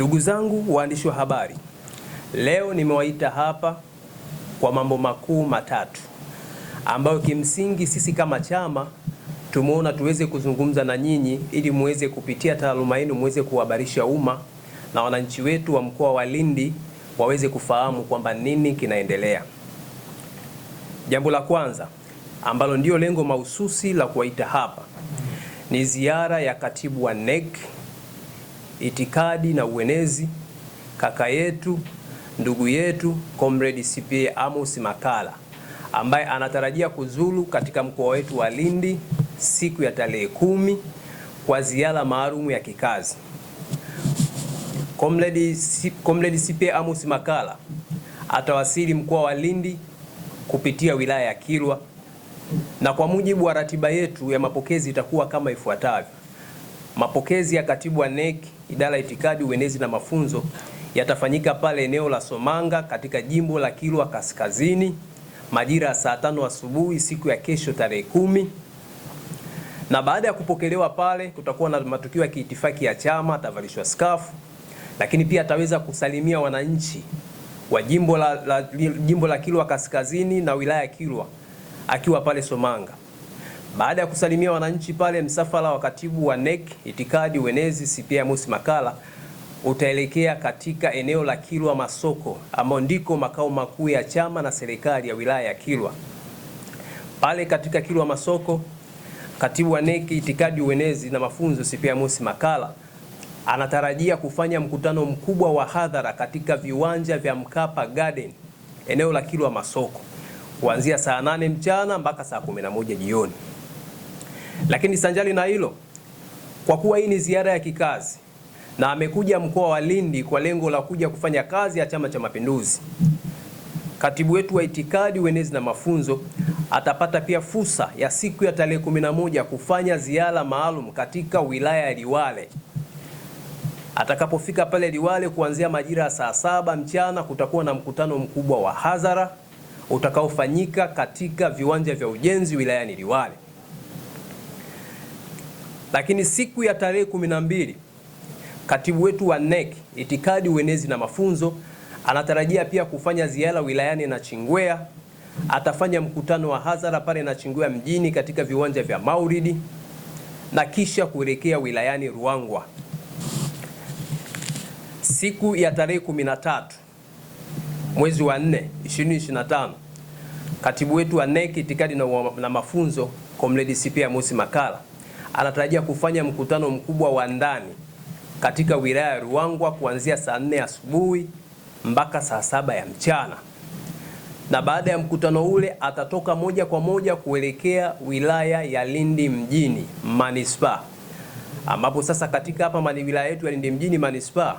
Ndugu zangu waandishi wa habari, leo nimewaita hapa kwa mambo makuu matatu ambayo kimsingi sisi kama chama tumeona tuweze kuzungumza na nyinyi ili muweze kupitia taaluma yenu muweze kuhabarisha umma na wananchi wetu wa mkoa wa Lindi waweze kufahamu kwamba nini kinaendelea. Jambo la kwanza ambalo ndio lengo mahususi la kuwaita hapa ni ziara ya katibu wa NEC itikadi na uenezi, kaka yetu ndugu yetu Comrade CPA Amos Makalla ambaye anatarajia kuzuru katika mkoa wetu wa Lindi siku ya tarehe kumi kwa ziara maalum ya kikazi. Comrade CPA Amos Makalla atawasili mkoa wa Lindi kupitia wilaya ya Kilwa na kwa mujibu wa ratiba yetu ya mapokezi itakuwa kama ifuatavyo. Mapokezi ya katibu wa NEC idara ya itikadi, uenezi na mafunzo yatafanyika pale eneo la Somanga katika jimbo la Kilwa Kaskazini majira ya saa tano asubuhi siku ya kesho tarehe kumi na baada ya kupokelewa pale, kutakuwa na matukio ya kiitifaki ya chama, atavalishwa skafu, lakini pia ataweza kusalimia wananchi wa jimbo la, la, jimbo la Kilwa Kaskazini na wilaya ya Kilwa akiwa pale Somanga. Baada ya kusalimia wananchi pale, msafara wa katibu wa NEC itikadi uenezi CPA amos Makalla utaelekea katika eneo la Kilwa Masoko ambao ndiko makao makuu ya chama na serikali ya wilaya ya Kilwa. Pale katika Kilwa Masoko, katibu wa NEC itikadi uenezi na mafunzo CPA amos Makalla anatarajia kufanya mkutano mkubwa wa hadhara katika viwanja vya Mkapa Garden eneo la Kilwa Masoko kuanzia saa 8 mchana mpaka saa 11 jioni. Lakini sanjali na hilo, kwa kuwa hii ni ziara ya kikazi na amekuja mkoa wa Lindi kwa lengo la kuja kufanya kazi ya Chama cha Mapinduzi, katibu wetu wa itikadi, uenezi na mafunzo atapata pia fursa ya siku ya tarehe moja kufanya ziara maalum katika wilaya ya Liwale. Atakapofika pale Liwale kuanzia majira ya saa saba mchana, kutakuwa na mkutano mkubwa wa hadhara utakaofanyika katika viwanja vya ujenzi wilayani Liwale. Lakini siku ya tarehe kumi na mbili katibu wetu wa NEC itikadi, uenezi na mafunzo anatarajia pia kufanya ziara wilayani na chingwea Atafanya mkutano wa hadhara pale na chingwea mjini katika viwanja vya mauridi na kisha kuelekea wilayani Ruangwa siku ya tarehe 13 mwezi wa 4 2025. Katibu wetu wa NEC itikadi na mafunzo Comrade Sipia Musi Makala anatarajia kufanya mkutano mkubwa wa ndani katika wilaya ya Ruangwa kuanzia saa nne asubuhi mpaka saa saba ya mchana, na baada ya mkutano ule atatoka moja kwa moja kuelekea wilaya ya Lindi mjini manispaa, ambapo sasa katika hapa mali wilaya yetu ya Lindi mjini manispaa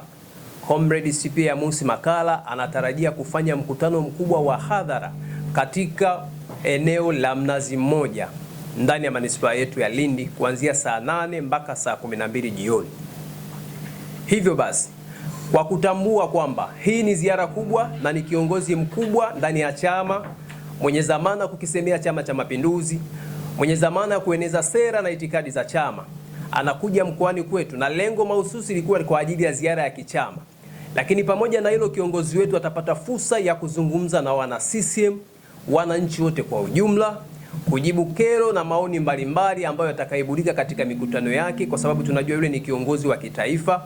Comrade ya Musi Makala anatarajia kufanya mkutano mkubwa wa hadhara katika eneo la Mnazi Mmoja ndani ya manispaa yetu ya Lindi kuanzia saa nane mpaka saa kumi na mbili jioni. Hivyo basi kwa kutambua kwamba hii ni ziara kubwa na ni kiongozi mkubwa ndani ya chama mwenye dhamana kukisemea Chama cha Mapinduzi, mwenye dhamana ya kueneza sera na itikadi za chama, anakuja mkoani kwetu, na lengo mahususi ilikuwa kwa ajili ya ziara ya kichama. Lakini pamoja na hilo, kiongozi wetu atapata fursa ya kuzungumza na wana CCM, wananchi wote kwa ujumla kujibu kero na maoni mbalimbali ambayo yatakaibulika katika mikutano yake, kwa sababu tunajua yule ni kiongozi wa kitaifa,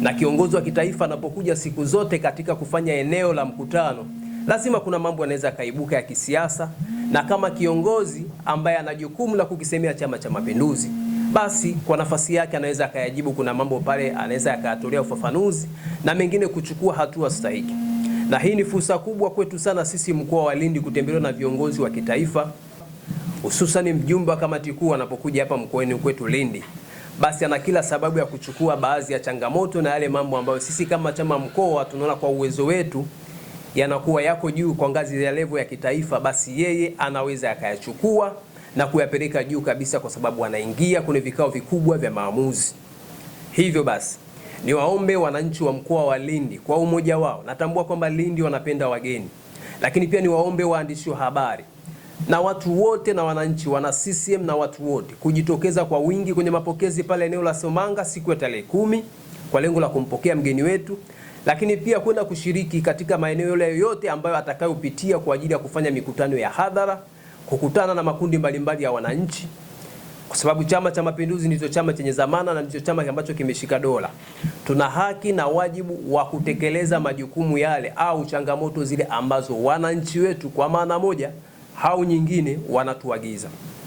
na kiongozi wa kitaifa anapokuja siku zote katika kufanya eneo la mkutano, lazima kuna mambo yanaweza kaibuka ya kisiasa, na kama kiongozi ambaye ana jukumu la kukisemea Chama cha Mapinduzi, basi kwa nafasi yake anaweza akayajibu. Kuna mambo pale anaweza akayatolea ufafanuzi na mengine kuchukua hatua stahiki, na hii ni fursa kubwa kwetu sana sisi mkoa wa Lindi kutembelewa na viongozi wa kitaifa hususani mjumbe wa kamati kuu anapokuja hapa mkoani kwetu Lindi, basi ana kila sababu ya kuchukua baadhi ya changamoto na yale mambo ambayo sisi kama chama mkoa tunaona kwa uwezo wetu yanakuwa yako juu kwa ngazi ya levo ya kitaifa, basi yeye anaweza akayachukua na kuyapeleka juu kabisa, kwa sababu anaingia kwenye vikao vikubwa vya maamuzi. Hivyo basi niwaombe wananchi wa mkoa wa Lindi kwa umoja wao, natambua kwamba Lindi wanapenda wageni, lakini pia niwaombe waandishi wa habari na watu wote na wananchi wana CCM na watu wote kujitokeza kwa wingi kwenye mapokezi pale eneo la Somanga siku ya tarehe kumi kwa lengo la kumpokea mgeni wetu, lakini pia kwenda kushiriki katika maeneo yale yoyote ambayo atakayopitia kwa ajili ya kufanya mikutano ya hadhara, kukutana na makundi mbalimbali ya wananchi, kwa sababu Chama cha Mapinduzi ndicho chama chenye zamana na ndicho chama ambacho kimeshika dola. Tuna haki na wajibu wa kutekeleza majukumu yale au changamoto zile ambazo wananchi wetu kwa maana moja hao nyingine wanatuagiza.